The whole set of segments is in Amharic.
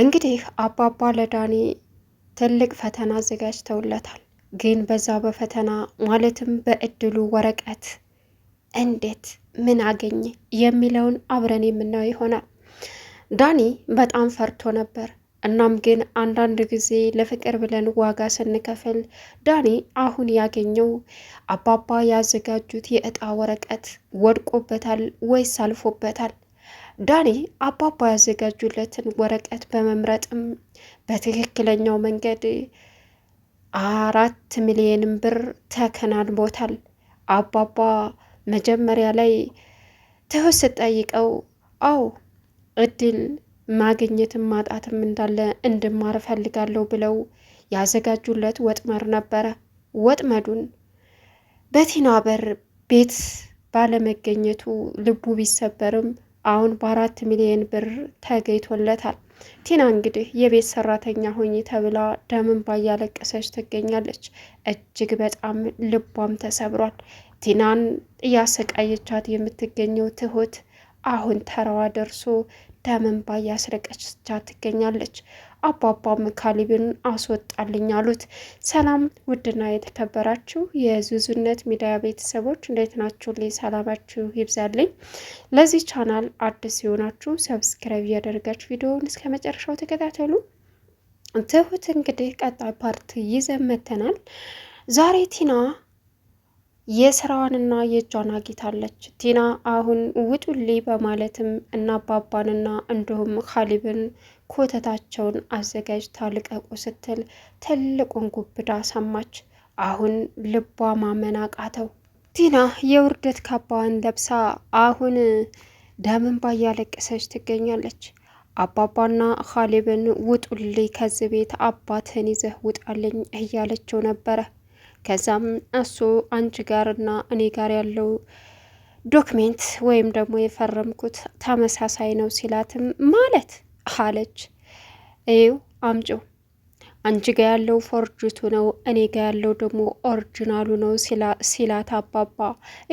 እንግዲህ አባባ ለዳኒ ትልቅ ፈተና አዘጋጅተውለታል። ግን በዛ በፈተና ማለትም በእድሉ ወረቀት እንዴት ምን አገኘ የሚለውን አብረን የምናየው ይሆናል። ዳኒ በጣም ፈርቶ ነበር። እናም ግን አንዳንድ ጊዜ ለፍቅር ብለን ዋጋ ስንከፍል ዳኒ አሁን ያገኘው አባባ ያዘጋጁት የእጣ ወረቀት ወድቆበታል ወይስ አልፎበታል? ዳኒ አባባ ያዘጋጁለትን ወረቀት በመምረጥም በትክክለኛው መንገድ አራት ሚሊዮን ብር ተከናንቦታል። አባባ መጀመሪያ ላይ ትሁት ስጠይቀው አዎ እድል ማግኘትም ማጣትም እንዳለ እንድማር እፈልጋለሁ ብለው ያዘጋጁለት ወጥመድ ነበረ። ወጥመዱን በቲና በር ቤት ባለመገኘቱ ልቡ ቢሰበርም አሁን በአራት ሚሊዮን ብር ተገኝቶለታል። ቲና እንግዲህ የቤት ሰራተኛ ሆኜ ተብላ ደምን ባያለቀሰች ትገኛለች። እጅግ በጣም ልቧም ተሰብሯል። ቲናን እያሰቃየቻት የምትገኘው ትሁት አሁን ተራዋ ደርሶ ደምን ባያስለቀቻት ትገኛለች። አባባም ካሌብን አስወጣልኝ አሉት። ሰላም ውድና የተከበራችሁ የዙዙነት ሚዲያ ቤተሰቦች እንዴት ናችሁ? ላይ ሰላማችሁ ይብዛልኝ። ለዚህ ቻናል አዲስ የሆናችሁ ሰብስክራይብ እያደረጋችሁ ቪዲዮውን እስከ መጨረሻው ተከታተሉ። ትሁት እንግዲህ ቀጣይ ፓርት ይዘመተናል ዛሬ ቲና የስራዋንና የእጇን አጊታለች። ቲና አሁን ውጡልኝ በማለትም እና እናባባንና እንዲሁም ካሊብን ኮተታቸውን አዘጋጅታ ልቀቁ ስትል ትልቁን ጉብዳ ሰማች። አሁን ልቧ ማመን አቃተው። ቲና የውርደት ካባዋን ለብሳ አሁን ደምንባ እያለቀሰች ትገኛለች። አባባና ካሊብን ውጡልኝ፣ ከዚህ ቤት አባትህን ይዘህ ውጣልኝ እያለችው ነበረ። ከዛም እሱ አንቺ ጋርና እኔ ጋር ያለው ዶክሜንት ወይም ደግሞ የፈረምኩት ተመሳሳይ ነው ሲላትም ማለት አለች። ይው አምጮ አንቺ ጋ ያለው ፎርጅቱ ነው፣ እኔ ጋ ያለው ደግሞ ኦሪጂናሉ ነው ሲላት አባባ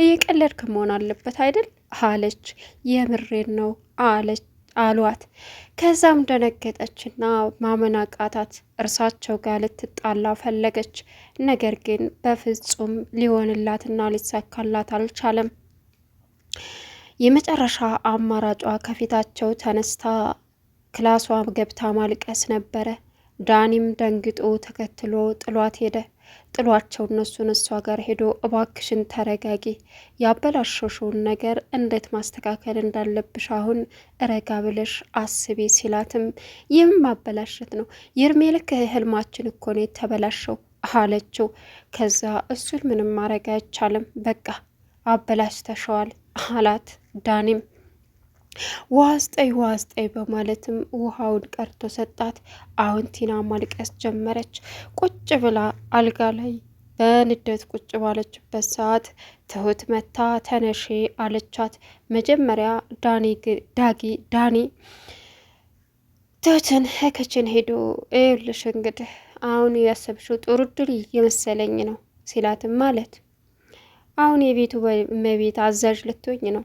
እየቀለድክ መሆን አለበት አይደል አለች። የምሬን ነው አለች። አሏት። ከዛም ደነገጠችና ማመን አቃታት። እርሳቸው ጋር ልትጣላ ፈለገች። ነገር ግን በፍጹም ሊሆንላትና ሊሳካላት አልቻለም። የመጨረሻ አማራጯ ከፊታቸው ተነስታ ክላሷ ገብታ ማልቀስ ነበረ። ዳኒም ደንግጦ ተከትሎ ጥሏት ሄደ። ጥሏቸው እነሱን እሷ ጋር ሄዶ እባክሽን ተረጋጊ፣ ያበላሸሽውን ነገር እንዴት ማስተካከል እንዳለብሽ አሁን ረጋ ብለሽ አስቢ ሲላትም ይህም ማበላሸት ነው የእድሜ ልክ ህልማችን እኮ ነው የተበላሸው አለችው። ከዛ እሱን ምንም ማድረግ አይቻልም፣ በቃ አበላሽተሸዋል አላት ዳኒም ውሃ ስጠይ በማለትም ውሃውን ቀርቶ ሰጣት። አሁን ቲና ማልቀስ ጀመረች። ቁጭ ብላ አልጋ ላይ በንደት ቁጭ ባለችበት ሰዓት ትሁት መታ ተነሼ አለቻት። መጀመሪያ ዳኒ ዳጊ ዳኒ ትሁትን ህከችን ሄዶ ይኸውልሽ እንግዲህ አሁን ያሰብሽው ጥሩ ድል የመሰለኝ ነው ሲላትም ማለት አሁን የቤቱ መቤት አዛዥ ልትሆኝ ነው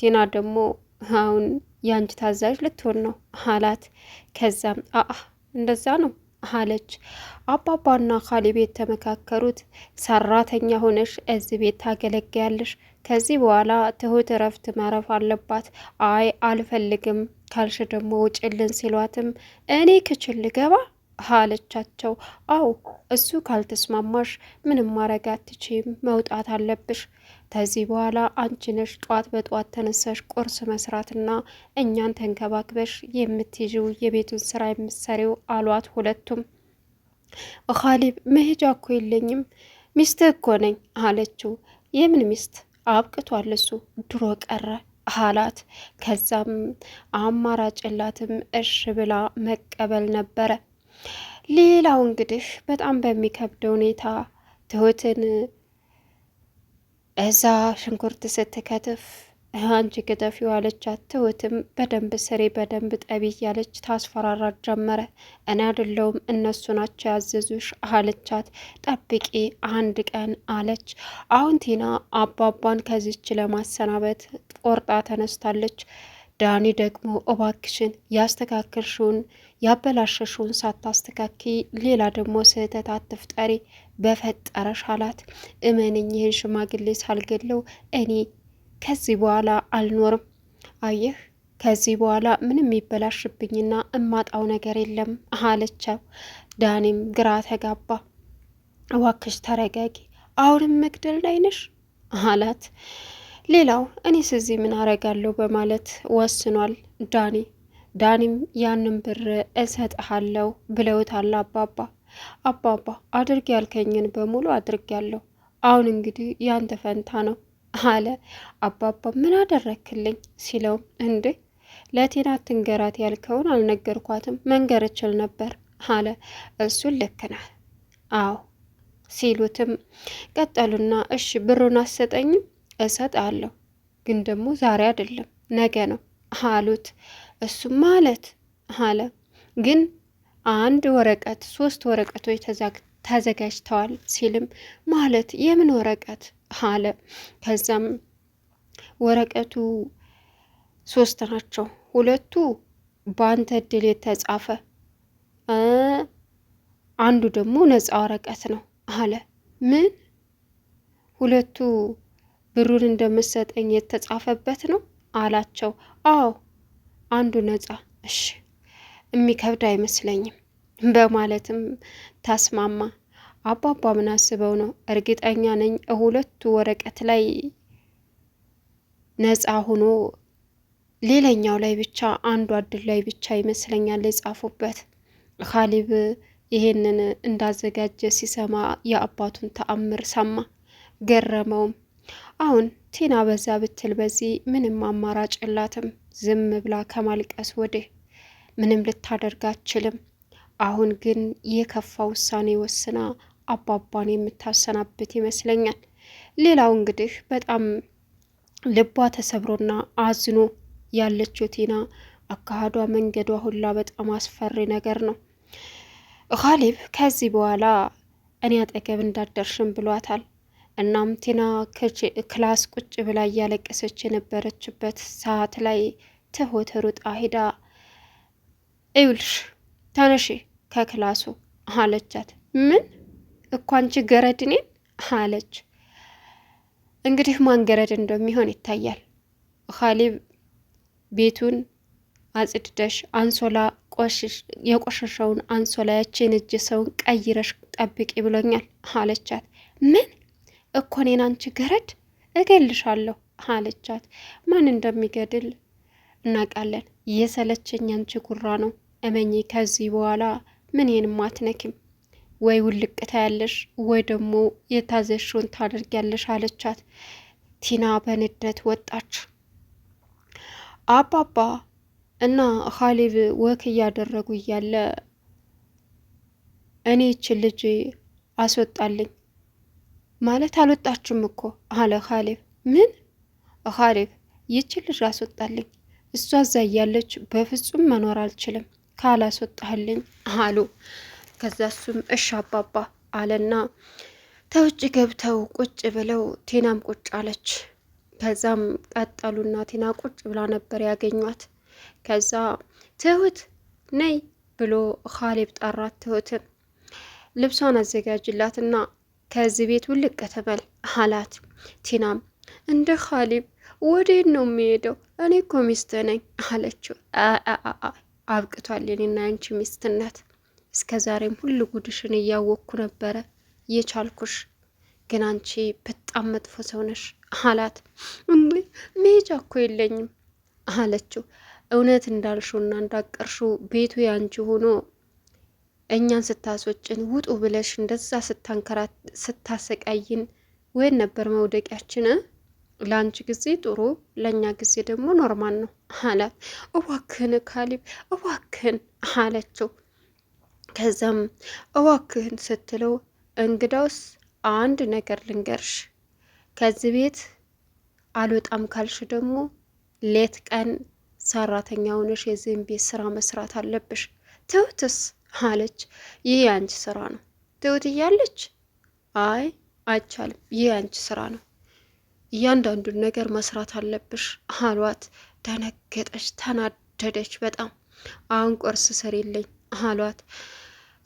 ቲና ደግሞ አሁን የአንቺ ታዛዥ ልትሆን ነው አላት። ከዛም አአ እንደዛ ነው አለች። አባባና ካሌብ የተመካከሩት ሰራተኛ ሆነሽ እዚህ ቤት ታገለግያለሽ፣ ከዚህ በኋላ ትሁት እረፍት ማረፍ አለባት። አይ አልፈልግም ካልሽ ደግሞ ውጭልን ሲሏትም እኔ ክችል ልገባ አለቻቸው። አዎ እሱ ካልተስማማሽ ምንም ማድረግ አትችም፣ መውጣት አለብሽ። ከዚህ በኋላ አንቺ ነሽ ጧት በጧት ተነሳሽ ቁርስ መስራትና እኛን ተንከባክበሽ የምትይዥው የቤቱን ስራ የምትሰሪው አሏት። ሁለቱም ኻሊብ መሄጃ እኮ የለኝም ሚስት እኮ ነኝ አለችው። የምን ሚስት አብቅቷል፣ እሱ ድሮ ቀረ አላት። ከዛም አማራጭ ላትም እሽ ብላ መቀበል ነበረ። ሌላው እንግዲህ በጣም በሚከብድ ሁኔታ ትሁትን እዛ ሽንኩርት ስትከትፍ አንቺ ክተፊ አለቻት። ትሁትም በደንብ ስሬ በደንብ ጠቢ እያለች ታስፈራራት ጀመረ። እኔ አይደለሁም እነሱ ናቸው ያዘዙሽ አለቻት። ጠብቂ አንድ ቀን አለች። አሁን ቲና አባቧን ከዚች ለማሰናበት ቆርጣ ተነስታለች። ዳኒ ደግሞ እባክሽን ያስተካከልሽውን ያበላሸሽውን ሳታስተካኪ ሌላ ደግሞ ስህተት አትፍጠሪ በፈጠረሽ አላት። እመንኝ ይህን ሽማግሌ ሳልገለው እኔ ከዚህ በኋላ አልኖርም። አየህ ከዚህ በኋላ ምንም የሚበላሽብኝና እማጣው ነገር የለም አለቻው። ዳኒም ግራ ተጋባ። እባክሽ ተረጋጊ፣ አሁንም መግደል ላይ ነሽ አላት። ሌላው እኔስ እዚህ ምን አረጋለሁ በማለት ወስኗል ዳኒ። ዳኒም ያንን ብር እሰጥሃለሁ ብለውታል አባባ። አባባ አድርግ ያልከኝን በሙሉ አድርጊያለሁ፣ አሁን እንግዲህ ያንተ ፈንታ ነው አለ። አባባ ምን አደረክልኝ ሲለውም እንዴ ለቴና ትንገራት ያልከውን አልነገርኳትም መንገር እችል ነበር አለ። እሱን ልክ ነህ አዎ ሲሉትም ቀጠሉና እሺ ብሩን አሰጠኝም እሰጣለሁ፣ ግን ደግሞ ዛሬ አይደለም ነገ ነው አሉት። እሱም ማለት አለ ግን አንድ ወረቀት ሶስት ወረቀቶች ተዘጋጅተዋል ሲልም ማለት የምን ወረቀት አለ። ከዛም ወረቀቱ ሶስት ናቸው። ሁለቱ በአንተ እድል የተጻፈ አንዱ ደግሞ ነፃ ወረቀት ነው አለ። ምን ሁለቱ ብሩን እንደምሰጠኝ የተጻፈበት ነው አላቸው። አዎ አንዱ ነጻ። እሺ የሚከብድ አይመስለኝም በማለትም ታስማማ። አባባ ምን አስበው ነው? እርግጠኛ ነኝ ሁለቱ ወረቀት ላይ ነጻ ሆኖ ሌላኛው ላይ ብቻ አንዱ አድል ላይ ብቻ ይመስለኛል የጻፉበት። ካሊብ ይሄንን እንዳዘጋጀ ሲሰማ የአባቱን ተአምር ሰማ፣ ገረመውም። አሁን ቲና በዛ ብትል በዚህ ምንም አማራጭ የላትም። ዝም ብላ ከማልቀስ ወዲህ ምንም ልታደርግ አትችልም። አሁን ግን የከፋ ውሳኔ ወስና አባባን የምታሰናብት ይመስለኛል። ሌላው እንግዲህ በጣም ልቧ ተሰብሮና አዝኖ ያለችው ቲና አካሂዷ፣ መንገዷ ሁላ በጣም አስፈሪ ነገር ነው። ኻሊብ ከዚህ በኋላ እኔ አጠገብ እንዳደርሽም ብሏታል። እናም ቲና ክላስ ቁጭ ብላ እያለቀሰች የነበረችበት ሰዓት ላይ ትሁት ሩጣ ሂዳ እዩልሽ ተነሺ ከክላሱ አለቻት። ምን እኮ አንቺ ገረድ አለች። እንግዲህ ማን ገረድ እንደሚሆን ይታያል። ኻሊብ ቤቱን አጽድደሽ አንሶላ የቆሸሸውን አንሶላ ያችን እጅ ሰውን ቀይረሽ ጠብቂ ብሎኛል አለቻት። ምን እኮ እኔን አንቺ ገረድ እገልሻለሁ አለቻት። ማን እንደሚገድል እናውቃለን። የሰለቸኝ አንቺ ጉራ ነው። እመኚ ከዚህ በኋላ ምኔንም አትነኪም። ወይ ውልቅታ ያለሽ ወይ ደግሞ የታዘሽውን ታደርጊያለሽ አለቻት። ቲና በንደት ወጣች። አባባ እና ኻሊብ ወክ እያደረጉ እያለ እኔ ይችን ልጅ አስወጣልኝ ማለት አልወጣችሁም እኮ አለ ካሌብ። ምን ካሌብ ይችል ልጅ አስወጣልኝ፣ እሷ እዛ እያለች በፍጹም መኖር አልችልም ካላስወጣልኝ አሉ። ከዛ እሱም እሽ አባባ አለና ተውጭ ገብተው ቁጭ ብለው ቴናም ቁጭ አለች። ከዛም ቀጠሉና ቴና ቁጭ ብላ ነበር ያገኟት። ከዛ ትሁት ነይ ብሎ ካሌብ ጠራት። ትሁትን ልብሷን አዘጋጅላትና ከዚህ ቤት ውልቅ ተበል አላት። ቲናም እንደ ኻሊብ ወዴት ነው የሚሄደው? እኔ እኮ ሚስት ነኝ አለችው። አብቅቷል፣ የኔና ያንቺ ሚስትነት። እስከ ዛሬም ሁሉ ጉድሽን እያወቅኩ ነበረ የቻልኩሽ፣ ግን አንቺ በጣም መጥፎ ሰው ነሽ አላት። እንዴ መሄጃ እኮ የለኝም አለችው። እውነት እንዳልሹና እንዳቀርሹ ቤቱ ያንቺ ሆኖ እኛን ስታስወጭን ውጡ ብለሽ እንደዛ ስታንከራት ስታሰቃይን ወይን ነበር መውደቂያችን። ለአንቺ ጊዜ ጥሩ፣ ለእኛ ጊዜ ደግሞ ኖርማል ነው አላት። እዋክህን ካሊብ እዋክህን አለችው። ከዛም እዋክህን ስትለው እንግዳውስ አንድ ነገር ልንገርሽ፣ ከዚህ ቤት አልወጣም ካልሽ ደግሞ ሌት ቀን ሰራተኛ ሆነሽ የዚህን ቤት ስራ መስራት አለብሽ። ትውትስ አለች። ይህ የአንቺ ስራ ነው ትሁት እያለች አይ አይቻልም፣ ይህ የአንቺ ስራ ነው፣ እያንዳንዱን ነገር መስራት አለብሽ አሏት። ደነገጠች፣ ተናደደች በጣም አሁን ቁርስ ስሪልኝ አሏት።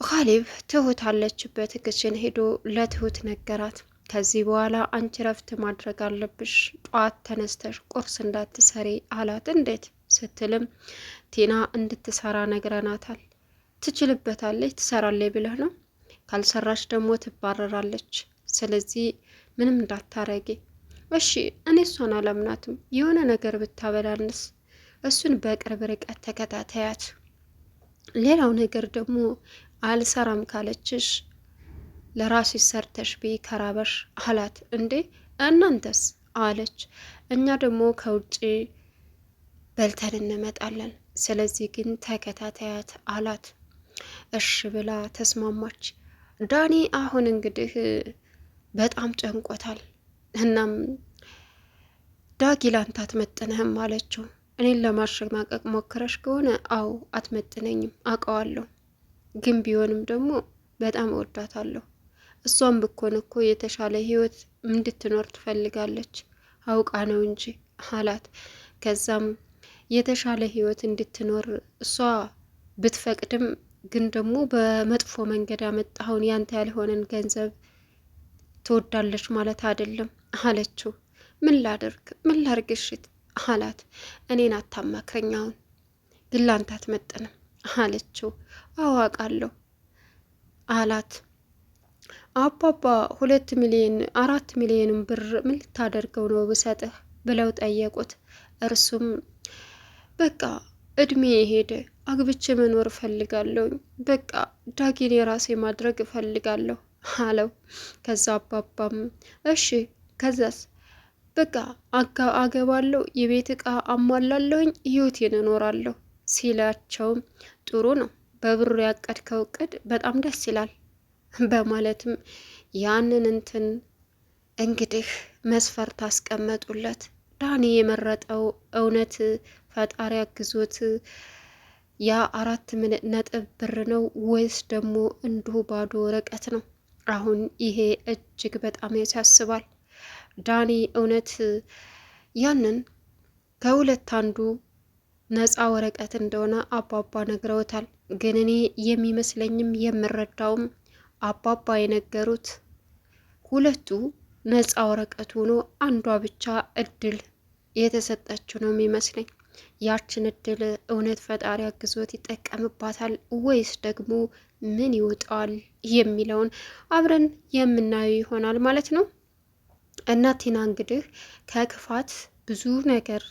ኻሊብ ትሁት አለችበት ክችን ሄዶ ለትሁት ነገራት። ከዚህ በኋላ አንቺ ረፍት ማድረግ አለብሽ፣ ጠዋት ተነስተሽ ቁርስ እንዳትሰሪ አላት። እንዴት ስትልም ቲና እንድትሰራ ነግረናታል ትችልበታለች፣ ትሰራለች ብለህ ነው። ካልሰራች ደግሞ ትባረራለች። ስለዚህ ምንም እንዳታረጊ እሺ። እኔ እሷን አላምናትም። የሆነ ነገር ብታበላንስ እሱን በቅርብ ርቀት ተከታተያት። ሌላው ነገር ደግሞ አልሰራም ካለችሽ ለራሱ ሰርተሽ ብይ ከራበሽ አላት። እንዴ እናንተስ አለች። እኛ ደግሞ ከውጭ በልተን እንመጣለን። ስለዚህ ግን ተከታተያት አላት። እሽ ብላ ተስማማች። ዳኒ አሁን እንግዲህ በጣም ጨንቆታል። እናም ዳጊ ላንተ አትመጥንህም አለችው። እኔን ለማሸማቀቅ ሞክረሽ ከሆነ አዎ አትመጥነኝም፣ አውቀዋለሁ። ግን ቢሆንም ደግሞ በጣም እወዳታለሁ። እሷም ብኮን እኮ የተሻለ ህይወት እንድትኖር ትፈልጋለች አውቃ ነው እንጂ አላት። ከዛም የተሻለ ህይወት እንድትኖር እሷ ብትፈቅድም ግን ደግሞ በመጥፎ መንገድ ያመጣኸውን ያንተ ያልሆነን ገንዘብ ትወዳለች ማለት አይደለም አለችው። ምን ላድርግ ምን ላርግሽት እሽት አላት። እኔን አታማክረኝ አሁን ግን ላንተ አትመጥንም አለችው። አዋቃለሁ አላት። አባባ ሁለት ሚሊዮን አራት ሚሊዮንም ብር ምን ልታደርገው ነው ብሰጥህ ብለው ጠየቁት። እርሱም በቃ እድሜ ሄደ አግብቼ መኖር እፈልጋለሁ፣ በቃ ዳጊን የራሴ ማድረግ እፈልጋለሁ አለው። ከዛ አባባም እሺ ከዛስ በቃ አገባለሁ፣ የቤት እቃ አሟላለሁኝ፣ ህይወቴን እኖራለሁ ሲላቸውም ጥሩ ነው በብሩ ያቀድከው እቅድ በጣም ደስ ይላል በማለትም ያንን እንትን እንግዲህ መስፈርት አስቀመጡለት። ዳኒ የመረጠው እውነት ፈጣሪ አግዞት ያ አራት ምን ነጥብ ብር ነው ወይስ ደግሞ እንዲሁ ባዶ ወረቀት ነው? አሁን ይሄ እጅግ በጣም ያሳስባል። ዳኒ እውነት ያንን ከሁለት አንዱ ነፃ ወረቀት እንደሆነ አባባ ነግረውታል። ግን እኔ የሚመስለኝም የምረዳውም አባባ የነገሩት ሁለቱ ነፃ ወረቀት ሆኖ አንዷ ብቻ እድል የተሰጠችው ነው የሚመስለኝ። ያችን እድል እውነት ፈጣሪ አግዞት ይጠቀምባታል ወይስ ደግሞ ምን ይወጣዋል የሚለውን አብረን የምናየው ይሆናል ማለት ነው። እና ቲና እንግዲህ ከክፋት ብዙ ነገር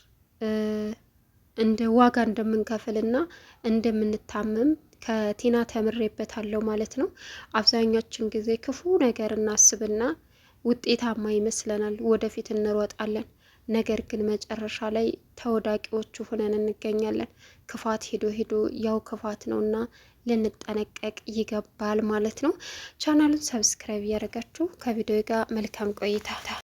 እንደ ዋጋ እንደምንከፍልና እንደምንታመም ከቲና ተምሬበታለሁ ማለት ነው። አብዛኛችን ጊዜ ክፉ ነገር እናስብና ውጤታማ ይመስለናል፣ ወደፊት እንሮጣለን። ነገር ግን መጨረሻ ላይ ተወዳቂዎቹ ሆነን እንገኛለን። ክፋት ሄዶ ሄዶ ያው ክፋት ነው እና ልንጠነቀቅ ይገባል ማለት ነው። ቻናሉን ሰብስክራይብ እያደረጋችሁ ከቪዲዮ ጋር መልካም ቆይታ